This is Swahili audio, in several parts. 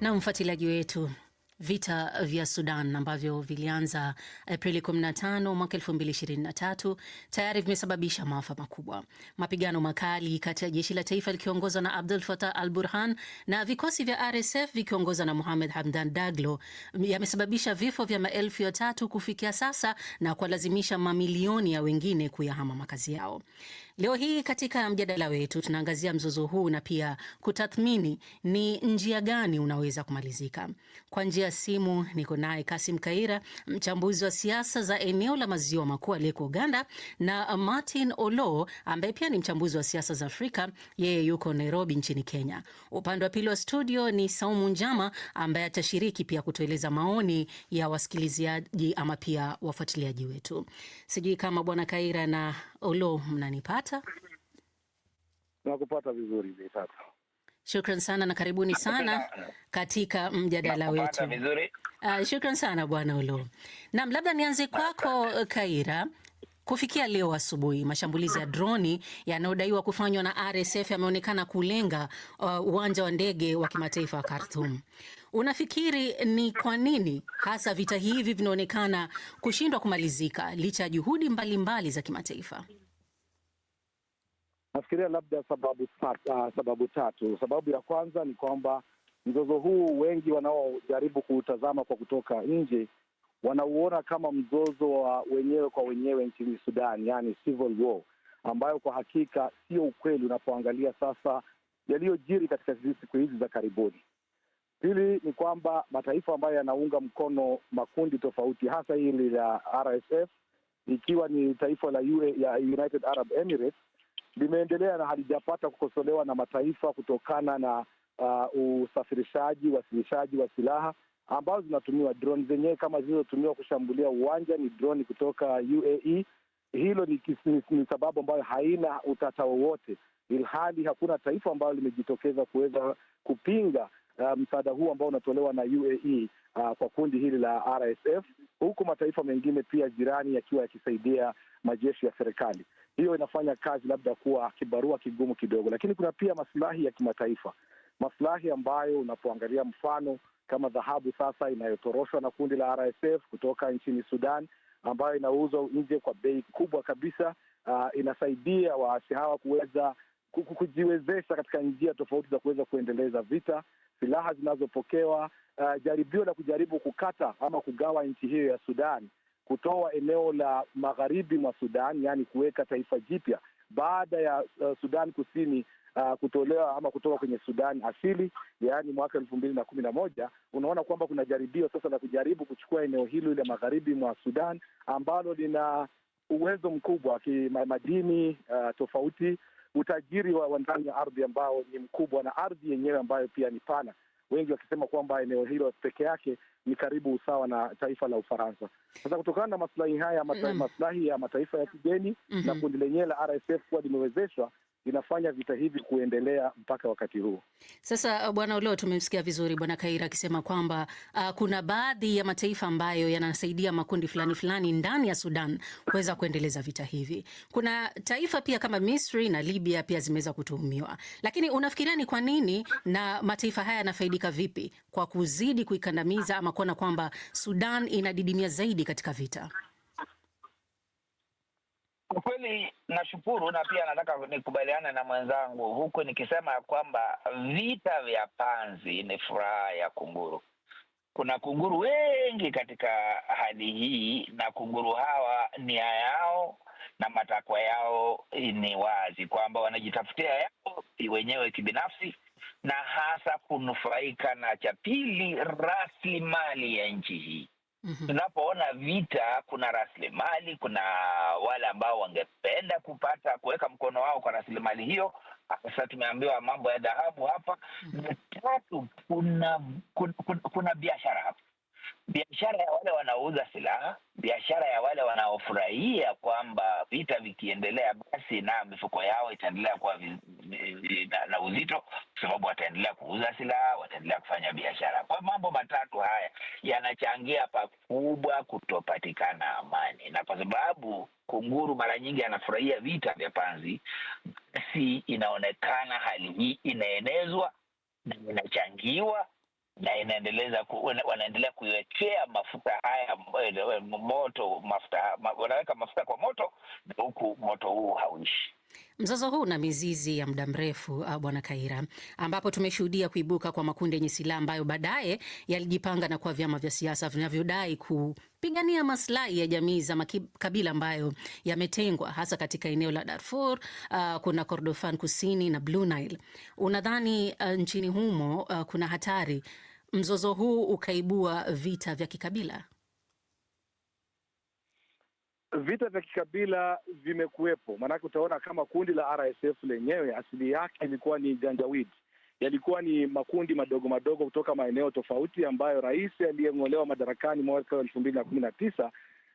Na mfuatiliaji wetu, vita vya Sudan ambavyo vilianza Aprili 15 mwaka 2023 tayari vimesababisha maafa makubwa. Mapigano makali kati ya jeshi la taifa likiongozwa na Abdul Fatah al Burhan na vikosi vya RSF vikiongozwa na muhamed Hamdan Daglo yamesababisha vifo vya maelfu ya tatu kufikia sasa na kuwalazimisha mamilioni ya wengine kuyahama makazi yao. Leo hii katika mjadala wetu tunaangazia mzozo huu na pia kutathmini ni njia gani unaweza kumalizika. Kwa njia ya simu niko naye Kasim Kaira, mchambuzi wa siasa za eneo la maziwa makuu aliyeko Uganda, na Martin Olo ambaye pia ni mchambuzi wa siasa za Afrika, yeye yuko Nairobi nchini Kenya. Upande wa pili wa studio ni Saumu Njama ambaye atashiriki pia kutueleza maoni ya wasikilizaji ama pia wafuatiliaji wetu. Sijui kama Bwana Kaira na Olo, mnanipata? Nakupata vizuri hivi Shukran sana na karibuni sana katika mjadala wetu. Uh, shukran sana Bwana Olo. Naam, labda nianze kwako Kaira. Kufikia leo asubuhi, mashambulizi ya droni yanayodaiwa kufanywa na RSF yameonekana kulenga uh, uwanja wa ndege wa kimataifa wa Khartoum. Unafikiri ni kwa nini hasa vita hivi vinaonekana kushindwa kumalizika licha ya juhudi mbalimbali za kimataifa? Nafikiria labda sababu tatu, uh, sababu tatu. Sababu ya kwanza ni kwamba mzozo huu wengi wanaojaribu kuutazama kwa kutoka nje wanauona kama mzozo wa wenyewe kwa wenyewe nchini Sudan, yani civil war, ambayo kwa hakika sio ukweli unapoangalia sasa yaliyojiri katika siku hizi za karibuni. Pili ni kwamba mataifa ambayo yanaunga mkono makundi tofauti, hasa hili la RSF, ikiwa ni taifa la UA, ya United Arab Emirates limeendelea na halijapata kukosolewa na mataifa kutokana na uh, usafirishaji, uwasilishaji wa silaha ambazo zinatumiwa. Drone zenyewe kama zilizotumiwa kushambulia uwanja ni drone kutoka UAE. Hilo ni, ni, ni sababu ambayo haina utata wowote, ilhali hakuna taifa ambalo limejitokeza kuweza kupinga uh, msaada huu ambao unatolewa na UAE uh, kwa kundi hili la RSF, huku mataifa mengine pia jirani yakiwa yakisaidia majeshi ya serikali. Hiyo inafanya kazi labda kuwa kibarua kigumu kidogo, lakini kuna pia masilahi ya kimataifa, masilahi ambayo unapoangalia mfano kama dhahabu sasa inayotoroshwa na kundi la RSF kutoka nchini Sudan, ambayo inauzwa nje kwa bei kubwa kabisa. Uh, inasaidia waasi hawa kuweza kujiwezesha katika njia tofauti za kuweza kuendeleza vita. Silaha zinazopokewa uh, jaribio la kujaribu kukata ama kugawa nchi hiyo ya Sudan, kutoa eneo la magharibi mwa Sudan, yaani kuweka taifa jipya baada ya uh, Sudan Kusini uh, kutolewa ama kutoka kwenye Sudan asili, yaani mwaka elfu mbili na kumi na moja, unaona kwamba kuna jaribio sasa la kujaribu kuchukua eneo hilo ile magharibi mwa Sudan ambalo lina uwezo mkubwa kimadini madini uh, tofauti, utajiri wa ndani ya ardhi ambao ni mkubwa, na ardhi yenyewe ambayo pia ni pana, wengi wakisema kwamba eneo hilo peke yake ni karibu usawa na taifa la Ufaransa. Sasa kutokana na maslahi haya, mm-hmm. maslahi ya mataifa ya kigeni mm -hmm. na kundi lenyewe la RSF kuwa limewezeshwa inafanya vita hivi kuendelea mpaka wakati huu. Sasa uh, bwana ulo tumemsikia vizuri bwana Kaira akisema kwamba uh, kuna baadhi ya mataifa ambayo yanasaidia makundi fulani fulani ndani ya Sudan kuweza kuendeleza vita hivi. Kuna taifa pia kama Misri na Libya pia zimeweza kutuhumiwa, lakini unafikiria ni kwa nini na mataifa haya yanafaidika vipi kwa kuzidi kuikandamiza ama kuona kwamba Sudan inadidimia zaidi katika vita? kweli nashukuru, na pia nataka nikubaliane na mwenzangu huku nikisema ya kwamba vita vya panzi ni furaha ya kunguru. Kuna kunguru wengi katika hali hii, na kunguru hawa nia yao na matakwa yao ni wazi kwamba wanajitafutia yao wenyewe kibinafsi, na hasa kunufaika na cha pili, rasilimali ya nchi hii Mm -hmm. Tunapoona vita, kuna rasilimali, kuna wale ambao wangependa kupata kuweka mkono wao kwa rasilimali hiyo. Sasa tumeambiwa mambo ya dhahabu hapa. mm -hmm. Na tatu, kuna, kuna, kuna, kuna biashara hapa biashara ya wale wanaouza silaha, biashara ya wale wanaofurahia kwamba vita vikiendelea, basi na mifuko yao itaendelea kuwa na, na uzito, kwa sababu wataendelea kuuza silaha, wataendelea kufanya biashara. Kwa mambo matatu haya yanachangia pakubwa kutopatikana amani, na kwa sababu kunguru mara nyingi anafurahia vita vya panzi, basi inaonekana hali hii inaenezwa na inachangiwa na inaendeleza ku, wanaendelea kuiwekea mafuta haya eh, moto mafuta, ma, wanaweka mafuta kwa moto na huku moto huu hauishi. Mzozo huu una mizizi ya muda mrefu uh, Bwana Kaira, ambapo tumeshuhudia kuibuka kwa makundi yenye silaha ambayo baadaye yalijipanga na kuwa vyama vya siasa vinavyodai kupigania maslahi ya jamii za makabila ambayo yametengwa, hasa katika eneo la Darfur, uh, kuna Kordofan Kusini na Blue Nile. Unadhani uh, nchini humo uh, kuna hatari mzozo huu ukaibua vita vya kikabila? vita vya kikabila vimekuwepo, maanake utaona kama kundi la RSF lenyewe asili yake ilikuwa ni janjawidi, yalikuwa ni makundi madogo madogo kutoka maeneo tofauti ambayo rais aliyeng'olewa madarakani mwaka elfu mbili na kumi na tisa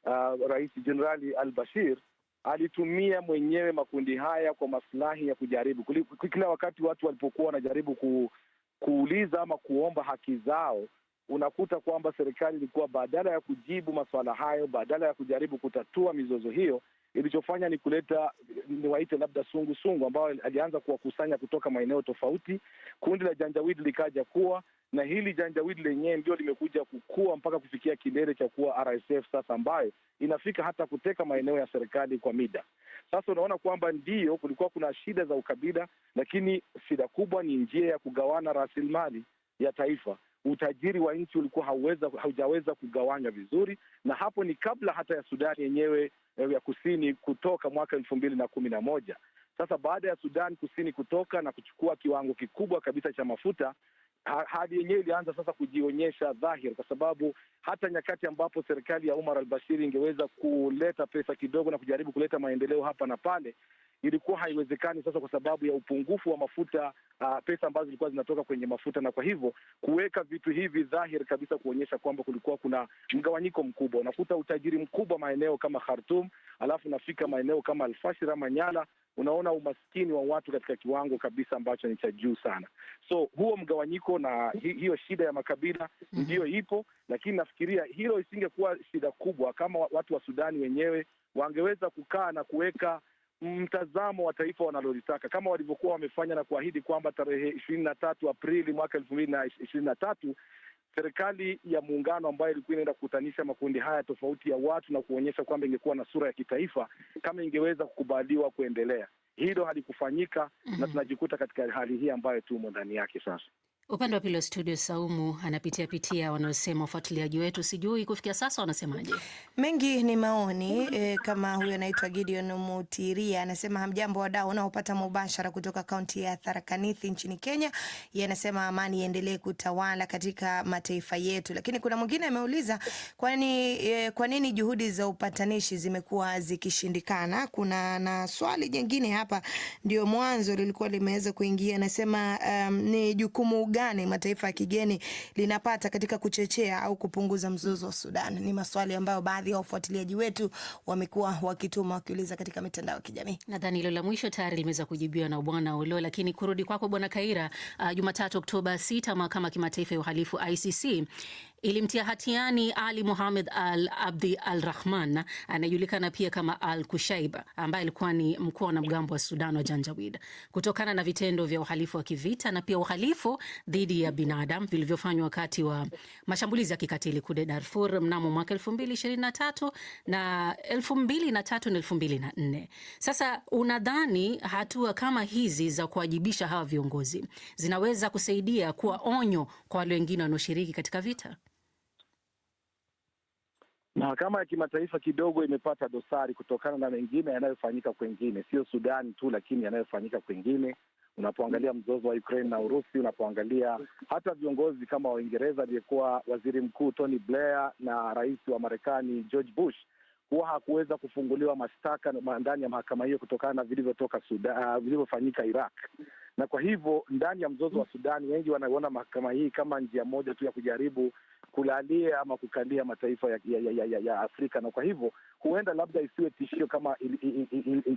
uh, Rais Jenerali Al Bashir alitumia mwenyewe makundi haya kwa maslahi ya kujaribu kila wakati watu walipokuwa wanajaribu ku, kuuliza ama kuomba haki zao unakuta kwamba serikali ilikuwa badala ya kujibu masuala hayo, badala ya kujaribu kutatua mizozo hiyo, ilichofanya ni kuleta niwaite labda sungusungu sungu, ambayo alianza kuwakusanya kutoka maeneo tofauti. Kundi la Janjawidi likaja kuwa na hili Janjawidi lenyewe ndio limekuja kukua mpaka kufikia kilele cha kuwa RSF sasa, ambayo inafika hata kuteka maeneo ya serikali kwa mida. Sasa unaona kwamba ndiyo kulikuwa kuna shida za ukabila, lakini shida kubwa ni njia ya kugawana rasilimali ya taifa utajiri wa nchi ulikuwa hauweza, haujaweza kugawanywa vizuri, na hapo ni kabla hata ya Sudani yenyewe eh, ya kusini kutoka mwaka elfu mbili na kumi na moja. Sasa baada ya Sudan kusini kutoka na kuchukua kiwango kikubwa kabisa cha mafuta, hali yenyewe ilianza sasa kujionyesha dhahir kwa sababu hata nyakati ambapo serikali ya Umar al-Bashir ingeweza kuleta pesa kidogo na kujaribu kuleta maendeleo hapa na pale, ilikuwa haiwezekani sasa, kwa sababu ya upungufu wa mafuta uh, pesa ambazo zilikuwa zinatoka kwenye mafuta, na kwa hivyo kuweka vitu hivi dhahiri kabisa kuonyesha kwamba kulikuwa kuna mgawanyiko mkubwa. Unakuta utajiri mkubwa maeneo kama Khartoum, alafu unafika maeneo kama Alfashir ama Nyala, unaona umaskini wa watu katika kiwango kabisa ambacho ni cha juu sana. So huo mgawanyiko na hi, hiyo shida ya makabila mhm. ndiyo ipo, lakini nafikiria hilo isingekuwa shida kubwa kama watu wa Sudani wenyewe wangeweza kukaa na kuweka mtazamo wa taifa wanalolitaka kama walivyokuwa wamefanya na kuahidi kwamba tarehe ishirini na tatu Aprili mwaka elfu mbili na ishirini na tatu serikali ya muungano ambayo ilikuwa inaenda kukutanisha makundi haya tofauti ya watu na kuonyesha kwamba ingekuwa na sura ya kitaifa kama ingeweza kukubaliwa kuendelea. Hilo halikufanyika, mm -hmm. na mhm. tunajikuta katika hali hii ambayo tumo ndani yake sasa. Upande wa pili wa studio Saumu anapitia pitia wanaosema wafuatiliaji wetu, sijui kufikia sasa wanasemaje. Mengi ni maoni e, kama huyo anaitwa Gideon Mutiria anasema hamjambo wadau unaopata mubashara kutoka kaunti ya Tharaka Nithi nchini Kenya. Yeye anasema amani iendelee kutawala katika mataifa yetu, lakini kuna mwingine ameuliza kwani e, kwa nini juhudi za upatanishi zimekuwa zikishindikana? Kuna na swali jingine hapa, ndio mwanzo lilikuwa limeweza kuingia, anasema um, ni jukumu gani mataifa ya kigeni linapata katika kuchochea au kupunguza mzozo wa Sudan? Ni maswali ambayo baadhi ya wafuatiliaji wetu wamekuwa wakituma wakiuliza katika mitandao ya kijamii. Nadhani hilo la mwisho tayari limeweza kujibiwa na Bwana ulo lakini kurudi kwako Bwana Kaira, uh, Jumatatu Oktoba 6 mahakama ya kimataifa ya uhalifu ICC ilimtia hatiani Ali muhamed Al Abdi Al Rahman anayejulikana pia kama Al Kushaib ambaye alikuwa ni mkuu wa wanamgambo wa Sudan wa Janjawid kutokana na vitendo vya uhalifu wa kivita na pia uhalifu dhidi ya binadamu vilivyofanywa wakati wa mashambulizi ya kikatili kude Darfur mnamo mwaka ishirini na tatu na nne. Sasa unadhani hatua kama hizi za kuwajibisha hawa viongozi zinaweza kusaidia kuwa onyo kwa wale wengine wanaoshiriki katika vita? Mahakama ya kimataifa kidogo imepata dosari kutokana na mengine yanayofanyika kwengine, sio Sudani tu, lakini yanayofanyika kwengine. Unapoangalia mzozo wa Ukraine na Urusi, unapoangalia hata viongozi kama Waingereza, aliyekuwa waziri mkuu Tony Blair na rais wa Marekani George Bush huwa hakuweza kufunguliwa mashtaka ndani ya mahakama hiyo kutokana na vilivyotoka uh, vilivyofanyika Iraq. Na kwa hivyo ndani ya mzozo wa Sudani, wengi wanaiona mahakama hii kama njia moja tu ya kujaribu kulalia ama kukandia mataifa ya, ya, ya, ya, ya Afrika na kwa hivyo huenda labda isiwe tishio kama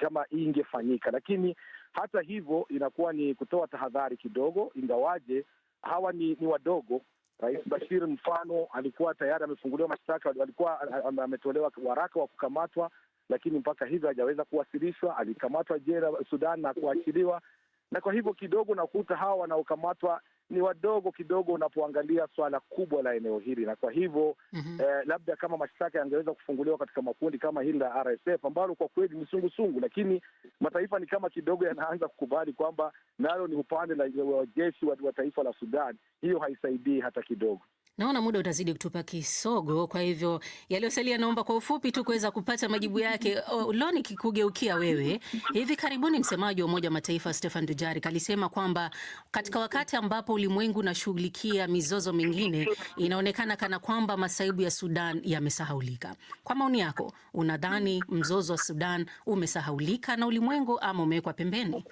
kama hii ingefanyika, lakini hata hivyo inakuwa ni kutoa tahadhari kidogo, ingawaje hawa ni, ni wadogo. Rais Bashir mfano alikuwa tayari amefunguliwa mashtaka, alikuwa ametolewa waraka wa kukamatwa, lakini mpaka hivyo hajaweza kuwasilishwa. Alikamatwa jera Sudan na kuachiliwa, na kwa hivyo kidogo nakuta hawa wanaokamatwa ni wadogo kidogo unapoangalia swala kubwa la eneo hili, na kwa hivyo mm -hmm. eh, labda kama mashtaka yangeweza kufunguliwa katika makundi kama hili la RSF ambalo kwa kweli ni sungusungu, lakini mataifa ni kama kidogo yanaanza kukubali kwamba nalo ni upande la wajeshi wa taifa la Sudan. Hiyo haisaidii hata kidogo. Naona muda utazidi kutupa kisogo, kwa hivyo yaliyosalia naomba kwa ufupi tu kuweza kupata majibu yake. Oh, Loni, kikugeukia wewe, hivi karibuni msemaji wa Umoja wa Mataifa Stefan Dujarric alisema kwamba katika wakati ambapo ulimwengu unashughulikia mizozo mingine, inaonekana kana kwamba masaibu ya Sudan yamesahaulika. Kwa maoni yako, unadhani mzozo wa Sudan umesahaulika na ulimwengu ama umewekwa pembeni?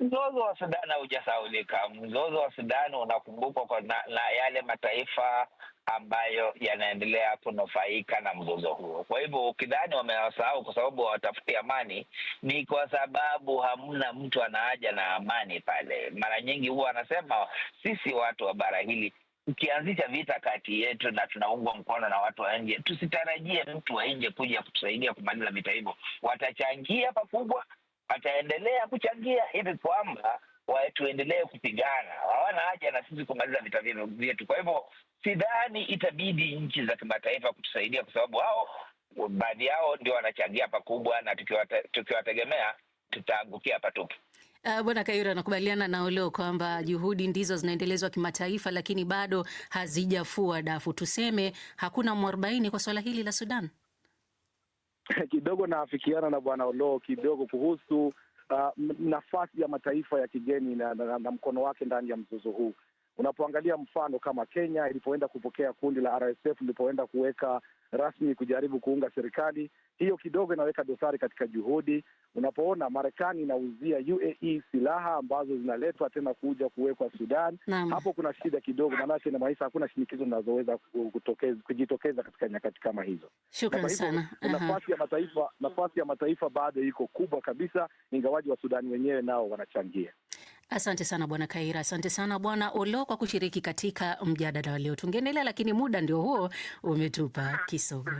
Mzozo wa Sudan haujasaulika. Mzozo wa Sudan unakumbukwa na, na yale mataifa ambayo yanaendelea kunufaika na mzozo huo. Kwa hivyo ukidhani wamewasahau kwa sababu hawatafuti amani, ni kwa sababu hamna mtu anaaja na amani pale. Mara nyingi huwa anasema sisi watu wa bara hili ukianzisha vita kati yetu na tunaungwa mkono na watu wa nje, tusitarajie mtu wa nje kuja kutusaidia kumaliza vita hivyo. Watachangia pakubwa ataendelea kuchangia hivi kwamba tuendelee kupigana. Hawana haja na sisi kumaliza vita vyetu. Kwa hivyo, sidhani itabidi nchi za kimataifa kutusaidia, kwa sababu hao baadhi yao ndio wanachangia pakubwa, na tukiwategemea tutaangukia patupu. Uh, Bwana Kayura, anakubaliana na uleo kwamba juhudi ndizo zinaendelezwa kimataifa, lakini bado hazijafua dafu. Tuseme hakuna mwarobaini kwa swala hili la Sudan. kidogo naafikiana na bwana olo kidogo kuhusu uh, nafasi ya mataifa ya kigeni na, na, na mkono wake ndani ya mzozo huu. Unapoangalia mfano kama Kenya ilipoenda kupokea kundi la RSF, ilipoenda kuweka rasmi kujaribu kuunga serikali hiyo, kidogo inaweka dosari katika juhudi. Unapoona Marekani inauzia UAE silaha ambazo zinaletwa tena kuja kuwekwa Sudan Naam. hapo kuna shida kidogo, maanake inamaanisha hakuna shinikizo zinazoweza kujitokeza katika nyakati kama hizo. Nafasi ya mataifa, nafasi ya mataifa bado iko kubwa kabisa, ingawaji wa Sudani wenyewe nao wanachangia. Asante sana bwana Kaira, asante sana bwana Olo kwa kushiriki katika mjadala wa leo. Tungeendelea lakini muda ndio huo umetupa kisogo.